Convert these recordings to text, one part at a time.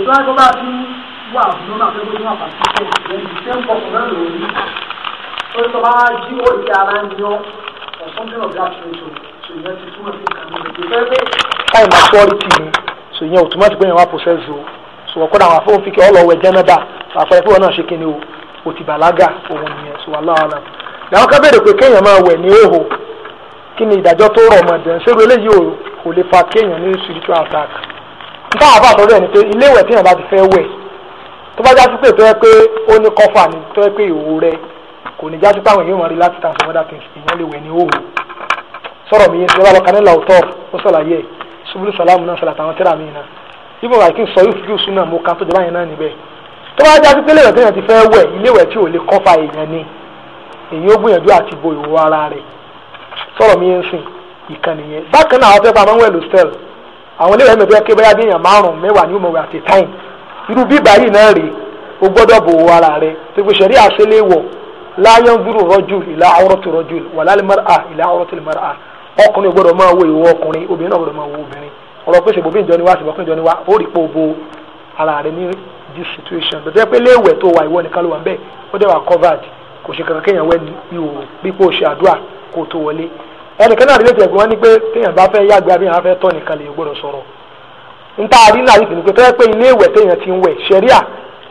ìgbà tó bá ti wà fún ọmọ akẹ́kọ̀ọ́ ní àpàtúntò lẹ́yìn iṣẹ́ ń bọ̀ fún náà lòun ní ó sọ bá jí ó di ara ń yan ọ̀sán mìíràn bí àtúntò ṣèyàn ti túmọ̀ sí ìkànnì ìgbésẹ̀ táì máa tọ́ ìtì ni ṣèyàn ò túmọ̀ sí pé yẹn wá process o sọ̀rọ̀ da àwọn afọ́ fíkẹ́ ọlọ́wẹ̀ jẹ́nẹ́dà àpẹẹrẹ fún wọn náà ṣe kíni o o ti bàlágà òun nìyẹn sọ aláwọ̀lá làwọn kan béèrè pé kéèyàn máa wẹ̀ ní òhò kí ni ìdájọ́ tó rọ̀ mọ́ dẹ̀ ṣé eléyìí ò lè fa kéèyàn ní spiritual attack nípa àwọn àbáàtọ̀ rẹ̀ ni pé ilé ìwẹ̀ tíyàn bá ti fẹ́ wẹ̀ tó bá já sí pé tó yẹ pé ó ní kọ́fà ni tó yẹ pé ìwò rẹ̀ kò ní jájú páwọn èèyàn máa rí láti tàn fún other things èèyàn lè wẹ̀ ní òhù sọ̀rọ̀ mi yẹn ti lọ́wọ́ kanílà ọ̀tọ̀ ó sọ̀làyé ṣubúlù sàlámù náà sọ̀làtà àwọn tíra mi náà ibùn àìkí sọ ìfúkú súnà mo kan tó jẹ́ báyìí náà níbẹ̀ tó bá já sí pé léèwẹ̀ téèyàn ti fẹ́ wẹ̀ iléèwẹ̀ tí ò lè kọ́fà èèyàn ni èyí ó gbìyànjú àti bo ìwò ara rẹ̀ sọ̀rọ̀ mi yẹn sìn ìkànnì yẹn bákan náà àwọn fẹ́ pa máa ń wẹ̀ lọ́stẹ́lì àwọn ilé ìwé mẹ́fẹ́ kébẹ́yà bí èèyàn márùn-ún mẹ́wàá ní òmòwé àti táìm irú bíbá yìí náà rèé o gbọ́dọ̀ bò wọ ara rẹ gbogbo sẹ̀rí àṣẹlẹ̀ wọ̀ láyọ̀n dúró rọ́jù ìlà awrati rọ́jù wàlálìmọ́ra ìlà awrati mọ́ra ọkùnrin gbọ́dọ̀ máa wo ìwọ ọkùnrin obìnrin náà gbọ́dọ̀ máa wo obìnrin ọ̀rọ̀ pé ṣègbè bíjọ ni wá ṣègbè bíjọ ni wá ó rí pé o bo ara rẹ ní this situation bẹ̀rẹ̀ pé léèwẹ̀ tó wà ìwọ nìkan ló wà ń bẹ́ẹ̀ ó dẹ̀ wà covered kò ṣe kankan kéèyàn wẹ́ ní ihò pípò ṣe àdúrà kó tó wọlé ẹnìkan náà létí ẹgbẹ́ wọn ni pé téèyàn bá fẹ́ yàgbẹ́ àbí èèyàn bá fẹ́ tọ̀ nìkan lè gbọ́dọ̀ sọ̀rọ̀ nta àrí náà yìí tìǹkì tẹ́ pé ilé ìwẹ̀ téèyàn ti ń wẹ̀ ṣẹ̀ríà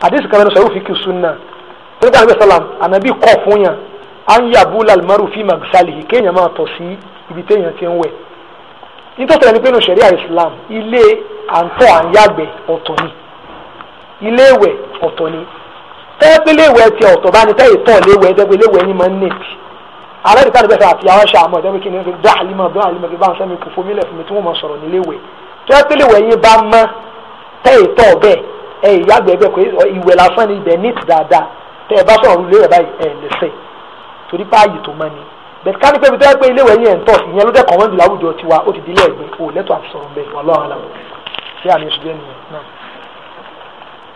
àdìsí kan mẹ́rin sọ̀rọ̀ fi kìí sunna tó ní ká àgbẹ̀ sọ̀làm ànábì kọ̀ fún yàn á ń yàbú làlùmọ́rù fi màgísàlì kéèyàn máa tọ̀ sí ibi téèyàn ti ń wẹ̀ nítòtò ẹni pé nù ṣẹ̀ríà Islam ilé àǹtọ̀ àǹyàgbẹ̀ ọ̀tọ̀ ni ilé ìwẹ̀ ọ̀tọ̀ ni tẹ́ẹ́pẹ́lẹ́wẹ̀ alẹ́ ìta níbẹ̀ sọ àti àwọn ṣe àmọ́ ìjọba kìnìún fi dá àlímọ̀ dá àlímọ̀ kí bá ń sẹ́mi kò fomi lẹ̀ fún mi tí wọ́n mọ̀ sọ̀rọ̀ nílé ìwẹ̀ tí wọ́n pélé ìwẹ̀ yín bá mọ́ tẹ́ ìtọ́ bẹ́ẹ̀ ẹ ìyàgbẹ́ bẹ́ẹ̀ kò ìwẹ̀ lásán ni ibẹ̀ nít dáadáa tẹ́ ẹ bá sọ̀rọ̀ ilé rẹ̀ báyìí ẹ lẹ́sẹ̀ torí pé ààyè tó mọ́ ni bẹ̀ẹ̀ ká ní pé bitọ́ pé ilé ìwẹ̀ yín ẹ̀ ń tọ̀ ìyẹn ló dẹ̀ kàn wọ́n jù láwùjọ tiwa ó ti di ilé ẹ̀gbẹ́ o lẹ́tọ̀ àti sọ̀rọ̀ bẹ́ẹ̀ wọ́n lọ́wọ́ àlàmù sí àmì ìṣúgbẹ́ nìyẹn náà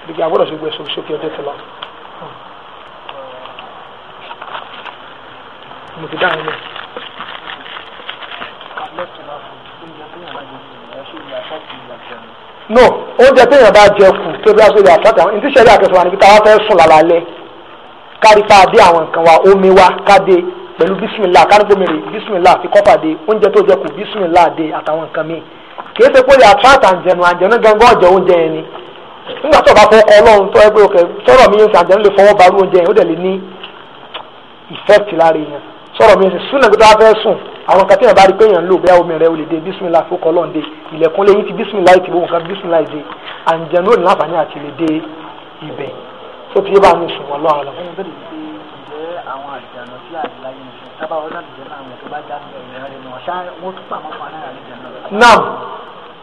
gbígbé àgbọ̀dọ̀ ṣe gbé sókè ọjọ́ ti lọ. mo ti dáhùn lẹ. no oúnjẹ téèyàn bá jẹ kù tó bí wá sórí àtàtà àwọn ìdí ìṣẹ̀lẹ̀ àkẹsàn wa níbi táwa fẹ́ sùn lálálẹ́ kárí pa dé àwọn nǹkan wa omi wa ká dé pẹ̀lú bísímìlá kárígbómi rè bísímìlá fi kọ́pà dé oúnjẹ tó jẹ kù bísímìlá dé àtàwọn nǹkan míì kìí ṣe pé yà tíráàtì àǹjẹ̀nu àǹjẹ̀nu gangan ọ̀jẹ̀ oúnjẹ yẹn ni nígbà tó o bá fọ ọkọ ọlọ́run tó ẹgbẹ́ òkè sọ̀rọ̀ mi yẹn sàǹjẹ̀nu lè fọwọ́ barú oúnjẹ yẹn ó dẹ̀ lè ní effect lára yẹn sọ̀rọ̀ mi sì súnà gbẹdọ̀ afẹ́ sùn àwọn kan tí yẹn bá rí pé yẹn ń lò bẹ́ẹ̀ omi rẹ̀ ó lè dé bísímìlá fókọ̀ lọ́n dé ilẹ̀kùn lẹ́yìn ti bísímìlá ìtì gbogbo nǹkan bísímìlá ìdè àǹjẹ̀nú òní láǹfààní àti lè dé ibẹ̀ tó ti yé bá mi sùn wọ́n lọ́wọ́ lọ. naam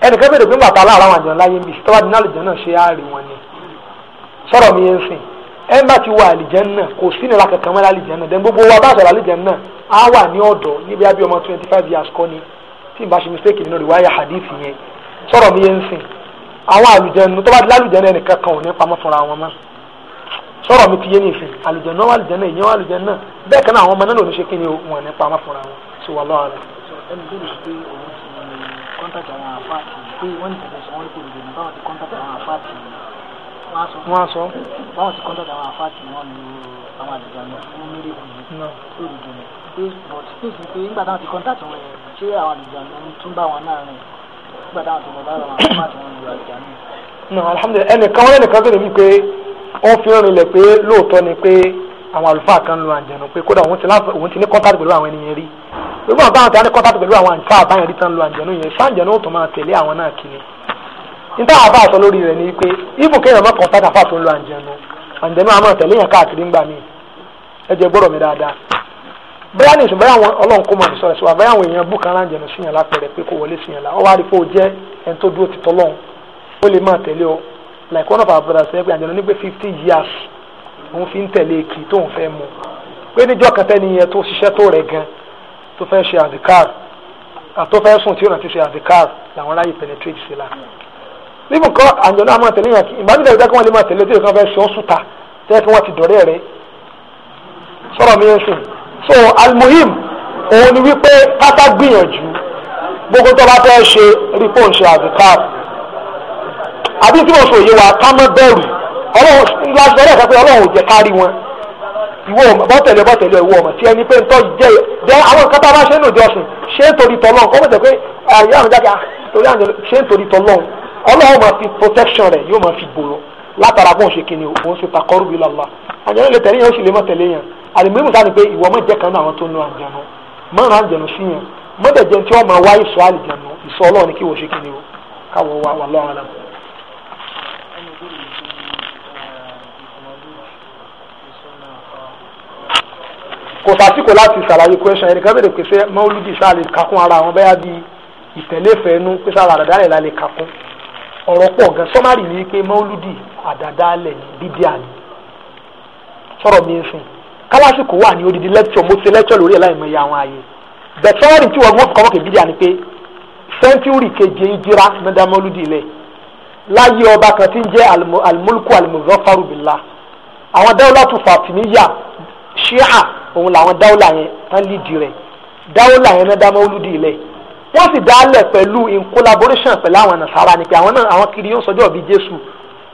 ẹnìkan bẹ̀rẹ̀ pé bàtà aláàrá àwọn àjẹ̀nú láyé ń bì tọ́wádìí náà lè jẹ́ náà ṣe á rí wọn ni sọ̀rọ̀ mi yẹn sìn ẹ má ti wà àlìjẹ́n náà kò sí nira kankan mọ́ àlìjẹ́n náà dẹ́n gbogbo wa bá sọ̀rọ̀ àlìjẹ́n náà á wà ní ọ̀dọ̀ níbi abí ọmọ twenty five years kọ́ ni tí n bá ṣe mistake nínú ìwáyà hadith yẹn sọ̀rọ̀ mi yẹn ń sìn àwọn àlùjẹ́n tó bá di lálùjẹ́n náà nìkan kan ò ní pamọ́ fúnra wọn mọ́ sọ̀rọ̀ mi ti yé ní ìfẹ́ àlùjẹ́n náà wà àlùjẹ́n náà ìyẹn wà àlùjẹ́n náà bẹ́ẹ̀ kan náà àwọn ọmọ náà lòún ṣe kí ni wọn ní pamọ́ fúnra wọn sí wà lọ́wọ́ rẹ̀. ẹni tó wọ́n á sọ báwọn ti kọ́ńtà àwọn àfáàtì wọn lu àwọn àdìgbà náà fún mérèkù yìí lórí ìdùnnú pé but pé sí pé nígbà táwọn ti kọ́ńtà tí wọ́n yẹn ṣé àwọn àdìgbà náà tún bá wọn náà rìn nígbà táwọn ti bọ̀ bá àwọn àfáàtì wọn lu àdìgbà náà. nà alhamdulilayi ẹnìkan wọn ẹnìkan tó lè wí pé ó fi rìn lẹ̀ pé lóòótọ́ ni pé àwọn àlùfáà kan lu àjẹnù pé kódà òun ti ní kọ́ńtàtì pẹ̀lú àwọn ènìyàn rí gbogbo àwọn táwọn ti ní kọ́ńtàtì pẹ̀lú àwọn àǹfààní àbáyọ̀ tán lu àjẹnù yẹn ṣáàjẹnù ó tún máa tẹ̀lé àwọn náà kiri níta àbá àtọ lórí rẹ̀ ni pé ibù kéèyàn mọ kàn sáta fáàtó ń lo àǹjẹnu àǹjẹnu àmọ́ tẹ̀lé yẹn káàkiri ń gbà mí ẹ jẹ́ gbọ́dọ̀ mi dáadáa bẹ́ẹ̀ ni ìsùn bẹ́ẹ̀ àwọn ọlọ́run kó mọ̀ sọ̀rọ̀ sọ̀rọ̀ bẹ́ẹ̀ àwọn èèyàn bù kan láǹjẹnu síyàn lápẹ̀rẹ̀ pé kò wọlé síyàn lá ọwọ́ àdìpọ̀ jẹ́ ẹni tó dúró ti tọ́lọ́run ó lè máa tẹ̀lé ọ like one of our brothers ẹ pé àǹjẹnu ní pé fifty years òun fi ń tẹ̀lé èkì tóun fẹ́ mu pé níjọ́ kan tẹ́ni yẹn tó ṣiṣẹ́ tó rẹ̀ gan tó fẹ́ ṣe àdìkáàrù àtó fẹ́ sùn tí ó nà ti ṣe àdìkáàrù làwọn ráyè penetrate sí la bíbù kan àjọ náà máa tẹ̀lé yàn kí ìgbàdúrà ìgbà kí wọ́n lè máa tẹ̀lé tí ìkan fẹ́ ṣe ó sùta tẹ́ kí wọ́n ti dọ̀rẹ́ rẹ sọ̀rọ̀ mi yẹn sìn so almuhim òun ni wípé pátá gbìyànjú gbogbo tó bá fẹ́ ṣe rí pò ń ṣe àdìkáàf àbí tí mo sọ yé wa ká má bẹ̀rù ọlọ́run lásìkò ọlọ́run sọ pé ọlọ́run ò jẹ́ ká rí wọn ìwọ ọmọ bọ́tẹ̀lẹ̀ bọ́tẹ̀lẹ̀ ìwọ ọmọ tí ẹni pé ntọ́ jẹ́ jẹ́ àwọn nǹkan tá a bá ṣe nù jọ́sìn ṣé nítorí tọ́lọ́run kọ́ mọ̀ tẹ̀ pé àyà àwọn jáde ah, torí àjọ ṣé nítorí tọ́lọ́run ọlọ́run máa fi protection rẹ̀ yóò máa fi gbòòrò látara bóun ṣe kìnìún òun ṣe takọ́rù bí lọ́la àjẹnú lè tẹ̀lé yẹn ó sì lè mọ́ tẹ̀lé yẹn àlùmíìmù sáà ni pé ìwọ mọ̀ jẹ́ kan náà àwọn tó ń lo àjẹnú mọ́ra àjẹnú sí yẹn mọ́tẹ̀jẹ́ tí wọ́n máa wá ìsọ àjẹnú ìsọ ọlọ́run ni kí wọ́n ṣe kìnìún káwọ́ wa wà lọ́wọ́ náà. kò sásìkò láti ṣàlàyé question ẹnìkan bèrè pé sẹ́ mọ́lúdì sáà lè kakún ara àwọn bẹ́yà bíi ìtẹ̀lé fẹ́ẹ́nu pé sáà àdàdà rẹ̀ la lè kakún ọ̀rọ̀ pọ̀ gan sọ́márì ni pé mọ́lúdì àdàdálẹ̀ ní bídíà ni sọ̀rọ̀ mi ń sìn kálásìkò wà ní odidi lẹ́kṣọ̀ mo ṣe lẹ́kṣọ̀ lórí ẹ̀ láìmọye àwọn ààyè bẹ̀ẹ̀ sọ́márì tí wọ́n kọ́ mọ́kè bídíà ni pé sẹ́ńtúrì keje ìjìrá nọ́dá mọ́lúdì lẹ̀ láyé ọba kan tí ń jẹ́ alimulku alimuzọ́faru billah àwọn dáwọ́lá tó fàtìmíyà ṣíà òun làwọn dáwọ́lá yẹn tán lídìí rẹ̀ dáwọ́lá yẹn nọ́dá mọ́lúdì lẹ̀ wọ́n sì dálẹ̀ pẹ̀lú in collaboration pẹ̀lú àwọn nasara ni pé àwọn náà àwọn kiri yóò sọjọ́ bí jésù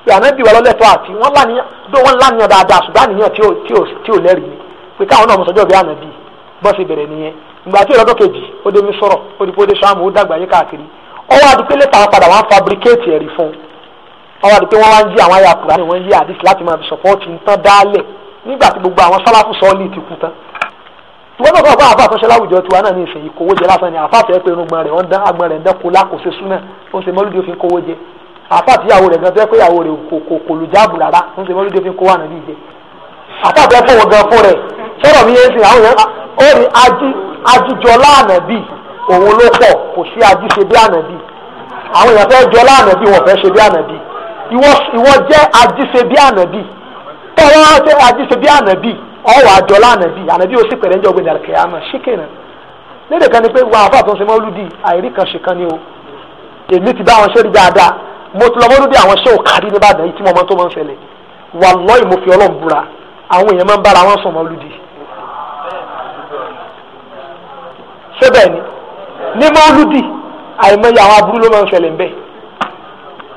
pé ànábì wà lọ́lẹ́tọ̀ àti wọ́n lánìyàn dó wọ́n lánìyàn dáadáa ṣùgbọ́n àníyàn tí ò tí ò tí ò lẹ́rìí ni pé káwọn náà mọ̀ sọjọ́ bí ànábì bọ́ sí bẹ̀rẹ̀ nìyẹn ìgbà tí ìrọ́dọ̀ kejì ó dé mi sọ̀rọ̀ ó di pé ó dé sàmù ó dàgbà yé káàkiri ọwọ́ àdúpẹ́ lẹ́tà wọn padà wọn fabricate ẹ̀rí fún ọwọ́ àdúpẹ́ wọn wá ń yí àwọn ayé àkùrá ni wọ́n yí àdìsí láti máa fi support ń tán dálẹ̀ nígbà tí gbogbo àwọn sálàfù sọ́ọ́lì ti kú tán tiwọn náà fọwọ́ àfa àtọ́ṣe láwùjọ tiwa náà ní ìsìn ìkówó jẹ lásán ni àfa àfẹ́ pé irun gbọ̀n rẹ̀ wọ́n dán agbọ̀n rẹ̀ ń dán kola kò ṣe súnà ó ń ṣe mọ́lúdì òfin kówó jẹ àfa àtìyàwó rẹ̀ gan fẹ́ pé ìyàwó rẹ̀ kò kò lù jáàbù rárá ó ń ṣe mọ́lúdì òfin kówó ànábì jẹ àfa àfẹ́ fún wọn gan fún rẹ̀ sọ̀rọ̀ mi yẹn sìn àwọn yẹn ó rí ajújọ láànàbì ọwọ́ àjọlá ànàbí ànàbí ó sì pẹ̀lẹ́ ń jọ gbẹ̀dẹ̀ àlùkìyàmà ṣíkìnà lédè kan ni pé wà áfà tó ń ṣe mọ́lúdì àìrí kan ṣe kan ni o èmi ti bá àwọn ṣẹ́ẹ́rì dáadáa mo ti lọ mọ́lúdì àwọn ṣẹ́ òkárí nìbàdàn yìí tí mo mọ tó máa ń ṣẹlẹ̀ wàlọ́ọ̀hì mo fi ọlọ́run búra àwọn èèyàn máa ń bára wọn sùn mọ́lúdì. ṣé bẹ́ẹ̀ ni ní mọ́lúdì àìmọye àwọn aburú ló máa ń ṣẹlẹ̀ bẹ́ẹ̀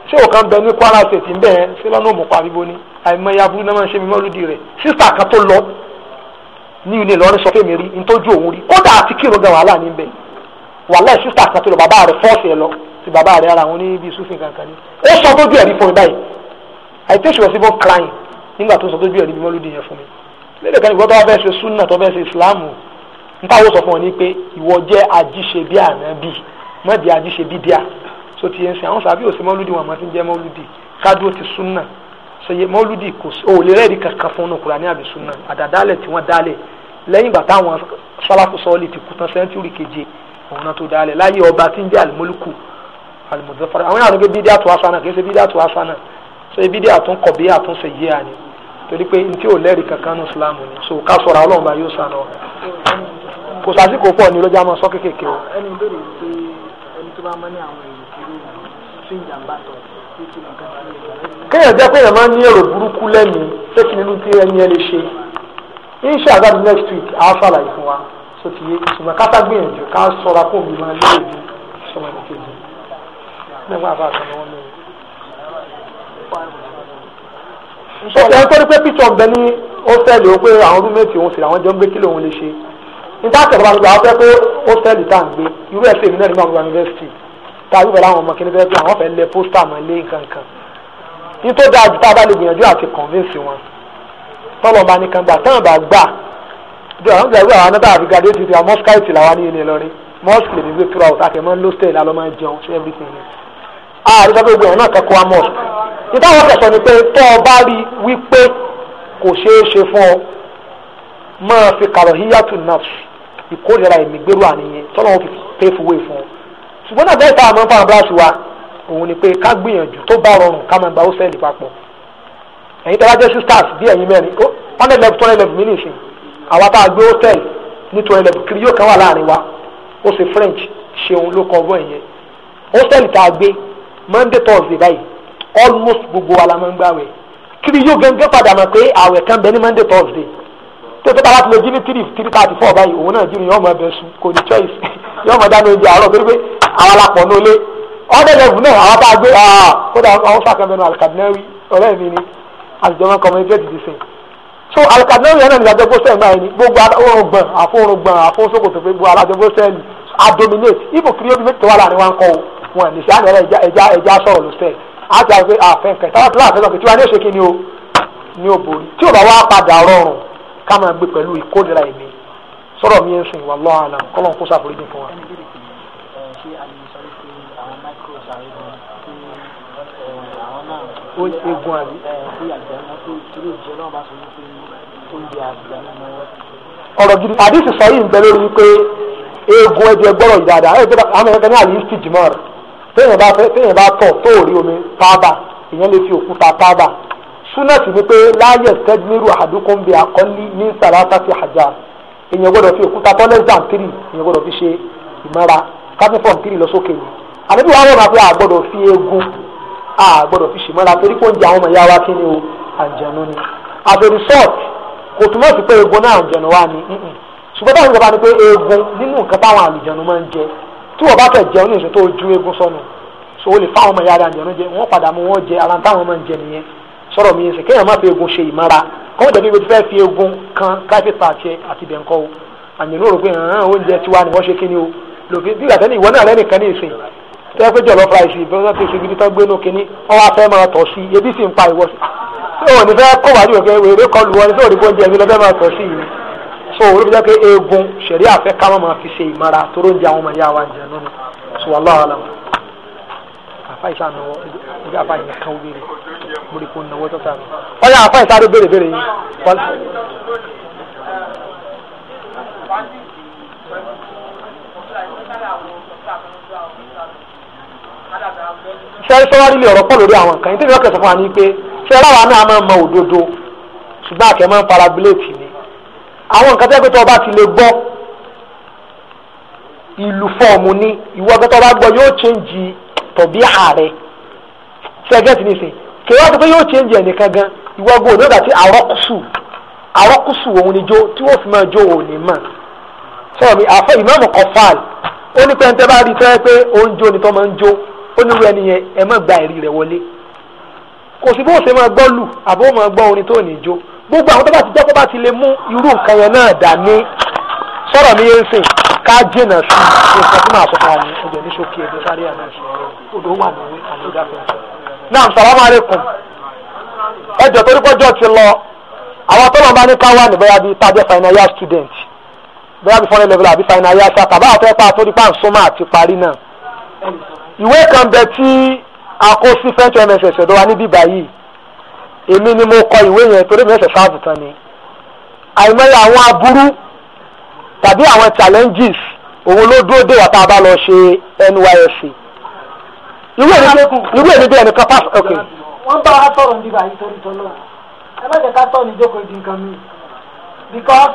ṣé o kan bẹ ní Kwara State ń bẹ yẹn ṣé lọ́nà òmùpá bíbó ni àìmọye aburú náà máa ń ṣe mi mọ́lúdi rẹ̀ sísà kan tó lọ ní ilé Ìlọrin sọ fẹ́mi rí ntójú òun rí kódà àti kírun gan wàhálà ní bẹ wàhálà sísà kan tó lọ bàbá rẹ̀ fọ́ọ̀sì ẹ lọ ti bàbá rẹ̀ ara wọn ní ibi kankan ni ó sọ tójú ẹ̀rí fún mi báyìí I take you as even crying nígbà tó sọ tójú ẹ̀rí mọ́lúdi yẹn fún mi lédè kan ìwọ́n tó bá fẹ́ ṣe súnà tó fẹ́ so ti yẹn sìn àwọn sàbí òsè mọ́lúdì wọn àmọ́ ti ń jẹ́ mọ́lúdì kádùó ti súnà sèye mọ́lúdì kò sí òòlè rẹ́ẹ̀dì kankan fún un kùrà ní àbí súnà àdàdálẹ̀ tí wọ́n dálẹ̀ lẹ́yìn ìgbà táwọn sálàfù sọ́ọ̀lì ti kú tán sẹ́ńtúrì keje òun náà tó dálẹ̀ láyé ọba tí ń jẹ́ àlùmọ́lùkù àlùmọ́dọ́fọ́rọ́ àwọn yàrá pé bídí àtò asánà kì í ṣe bídí àtò asánà so bídí àtún kọ̀bí àtún ṣe yé àní torí pé ntí ò lẹ́rìí so ká sọ̀rọ̀ ọlọ́run bá yóò sànà ọ̀rẹ́ tó bá mọ́ ní ṣe ìjàmbá tọ̀ kéèyàn jẹ́ pé èèyàn máa ń ní èrò burúkú lẹ́nu pé kí nínú tí ẹni ẹ lè ṣe inshallah next week á ṣàlàyé fún wa tó ṣùgbọ́n ká ságbìyànjú ká sọra kó mi máa lé èdè sọmọ ní nígbà bá a sọ wọn lóyún. ṣé ẹ ń tọ́jú pé píṣọ̀ ọ̀bẹ ní hósẹ́ẹ̀lì ó pé àwọn rúmẹ̀tì òun sì làwọn jọ ń gbé kí lòun lè ṣe níta àtẹ̀rọ̀ bá gbà á fẹ́ pé hósẹ́ẹ̀lì tá à ń gbé irú ẹ̀sìn èmi náà nígbà wọn tàbí pẹ̀lú àwọn ọmọ kìíní bẹ́ẹ̀ pé àwọn fẹ́ lẹ pósítà mọ́ lé nǹkankan nítorí dáa ju tá a bá lè gbìyànjú àti convince wọn tọ́lọ̀ bá nìkan gbà tán bá gbà ju àwọn gbà wíwà àwọn náà tàbí gàdé ti ti àwọn mọ́skáìtì làwọn ní ilé lọ́rin mosque lè ní gbé throughout àkẹ́mọ́ lóstẹ̀lì alọ́mọ jẹun ṣe everything ni àrùn gbàgbé gbogbo ọ̀nà kẹ́kọ̀ọ́ amọ̀ ìtàwọn kẹsàn ni pé tọ́ ọ bá rí wípé kò ṣeé ṣe fún ọ máa fi kàrọ̀ híyàtù náà ìkórìíra ìmìgbérò àníyàn tọ́lọ́wọ́n fi pay for way fún ọ ṣùgbọ́n náà bẹ́ẹ̀ tá a mọ̀ fún abúláṣù wa òun ni pé ká gbìyànjú tó bá rọrùn ká máa gba ọ́sẹ̀lì papọ̀ ẹ̀yin tẹ́lá jẹ́ sisters bí ẹ̀yin mẹ́rin ó hundred level two level mílíọ̀nù sí àwa tá a gbé hostel ní two level kiri yóò kàn wà láàrin wa ó ṣe french ṣeun ló kọ ọgbọ́n ìyẹn hostel tá a gbé monday thursday báyìí almost gbogbo wa la máa ń gbàwẹ̀ kiri yóò gẹ́gẹ́ padà mọ̀ pé àwẹ̀ kan bẹ ní monday thursday tó tó tara tó lè jí ní three three thirty four báyìí òun náà jí ni yọ́n mọ̀ sùn kò ní choice yọ́n mọ̀ dáná oúnjẹ àárọ̀ pé àwọn alápọ̀ ní olé ọ̀dẹ̀ lẹ́bù náà àwọn bá gbé ah, kódà àwọn sàkàmẹ́nu alikadinawi ọ̀rẹ́ mi ni àtijọ́mọ́ communicate the same so alikadinawi yẹn náà ni gbogbo ọgbọ̀n gbogbo alájọ bóṣẹ́ẹ̀lì adominate ibo kiri obi méjì tó wà láàrin wa ń o wọn ní sáà ẹja ẹja ẹja ló tí ni o ni o borí tí o bá wá padà rọrùn ká máa gbé pẹ̀lú ìkórira ẹ̀mí sọ̀rọ̀ ṣé a lè sọ pé àwọn microbes àwọn egun tí eh, àwọn náà. ó egun àbí. pé eh, àgbàdo tó kiri ìjẹ náà bá sọ wípé oúnjẹ àgbàdo mọ. ọ̀rọ̀ gidi àdìsí sọ yìí ń bẹ lórí wípé eegun ẹ̀jẹ̀ gbọ́rọ̀ ìdáadáa àwọn ẹ̀ka ní àlè ìsìtì jùmọ̀ rẹ̀ téèyàn bá téèyàn bá tọ̀ tó rí omi tábà ìyẹn lè fi òkúta tábà súnàtì ni pé láàyè tẹ́gbẹ́rù àdúkùn bíi àkọ́lí ní sàlátà fi hajar èèyàn gbọ́dọ̀ fi òkúta tọ́lẹ́sàn tírì èèyàn gbọ́dọ̀ fi ṣe ìmọ̀ra káfí fọ́ọ̀mù tírì lọ sókè ni àbíbí wàá wọ̀ máa pé àgbọ̀dọ̀ fi eegun àgbọ̀dọ̀ fi ṣèmọ́ra torí pé oúnjẹ àwọn ọmọ ìyá wa kí ni o àjẹnu ni àbẹ̀rù sọ́ọ̀t kò túmọ̀ sí pé eegun náà àjẹnu wa ni ṣùgbọ́n táwọn ìjọba ni pé eegun nínú nǹkan táwọn àlùjẹnu máa ń jẹ tí wọ́n bá kẹ̀ jẹun ní ìṣó tó ju eegun sọnù so o lè fáwọn ọmọ ìyá rẹ̀ àjẹnu jẹ wọ́n padà mú wọn jẹ ara táwọn máa ń jẹ nìyẹn lòfin bí ìgbàtẹ́ni ìwọ náà rẹ́nìkan ní ìsìn tẹ́ pé jọ̀lọ́ fura ìsìn bí wọ́n ti ṣe gidi tán gbénu kínní wọ́n wá fẹ́ máa tọ̀ sí i ebi sì ń pa ìwọ sí i òní fẹ́ kó wájú òkè wèrè kọlu wọn ní sóòrì bóúnjẹ mi lọ́fẹ́ máa tọ̀ sí i so olóbi jẹ́ pé eegun ṣẹ̀rí àfẹ́ ká má máa fi ṣe ìmara toró ń jẹ àwọn ọmọ ìyá wa jẹ lónìí so wà lọ́wọ́ àlọ́ àfa ìṣá náwó ẹgbẹ́ àfa ìyẹn kan ó béèrè mo rí i pé ó náwó tó sáà ọ̀yà àfa ìṣá ló béèrè béèrè yìí ṣe sọ́wárí lè ọ̀rọ̀ pọ̀ lórí àwọn nǹkan ìtẹ́lẹ̀ ọ̀kẹ́ sọ fún wa ní pé ṣe ráwa náà máa mọ òdodo ṣùgbọ́n àkẹ́ máa ń parabuléètì ni àwọn nǹkan tẹ́ pé tó o bá ti lè gbọ́ ìlú fọ́ọ̀mù ni ìwọ ọgbẹ́ tó o bá gbọ́ yóò chẹ́ǹjì tọ̀bí ààrẹ ṣe ẹgbẹ́ ti ní sè kí wọ́n sọ pé yóò chẹ́ǹjì ẹnìkan gan ìwọ ọgbẹ́ òní ọ̀gá tí àrọ́kùsù àrọ́kùsù òun ni jó tí wọ́n fi máa jó òun ní mọ̀ sọ̀rọ̀ mi àfẹ́ ó ní pẹ́ńtẹ́ bá rí i fẹ́ pé ó ń jó ni tó máa ń jó ó ní irú ẹni yẹn ẹ má gba ẹ̀rí rẹ̀ wọlé kò sí bó ṣe máa gbọ́ lù àbó máa gbọ́ orin tó ní jó gbogbo àwọn tó bá ti jẹ́ kó bá ti lè mú irú nǹkan yẹn náà dání sọ̀rọ̀ mi yẹn sìn ká jìnà sí nǹkan tí màá sọ̀rọ̀ ni ọjọ́ ní ṣókí ẹ̀dẹ̀ sáré àná odò wà lórí àlọ́dà fẹ́ǹsì. náà sàlámù aleykum ẹjọ́ torí pọ́jọ́ ti lọ àwọn tó student bóyá bí fọ́nrẹ́ level àbí final year sáà tàbá àtọ́ ẹ̀pá àtòrí pa nsọ́mọ́ àti parí náà. ìwé kan bẹ tí a kó sí fẹ́ntì mss ọ̀dọ́ wa níbí báyìí èmi ni mo kọ ìwé yẹn torí mss sáàbù tán ni. àìmọye àwọn aburú tàbí àwọn challenges òun ló dúró dé wà tá a bá lọ ṣe nysc. ìwé mi bí ẹnìkan pass ok. wọ́n bá wa sọ̀rọ̀ níbà yìí torí tọ́lọ́ ẹ má jẹ́ ká tọ́ ní jókòó di nǹkan mi because.